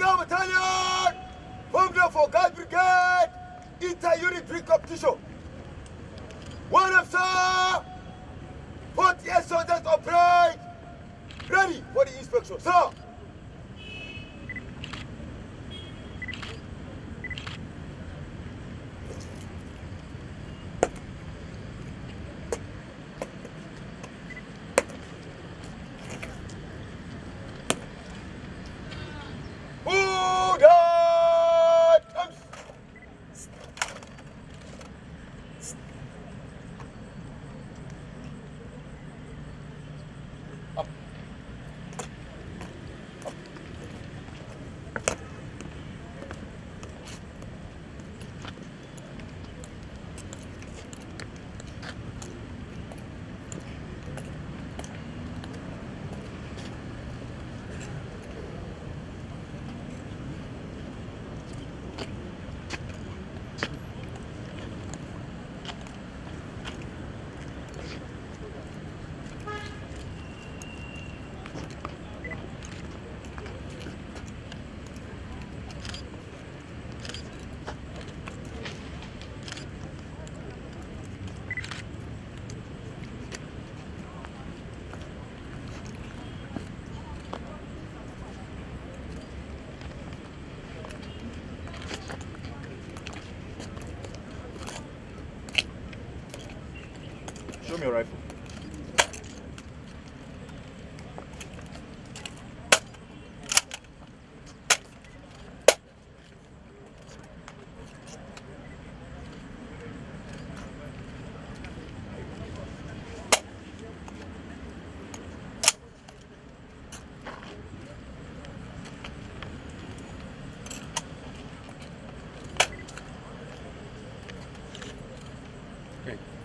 Buga Battalion, formed for Guard Brigade, inter-unit pre-competition. One officer, 48 soldiers upright, ready for the inspection. Sir, Show me your rifle. Okay.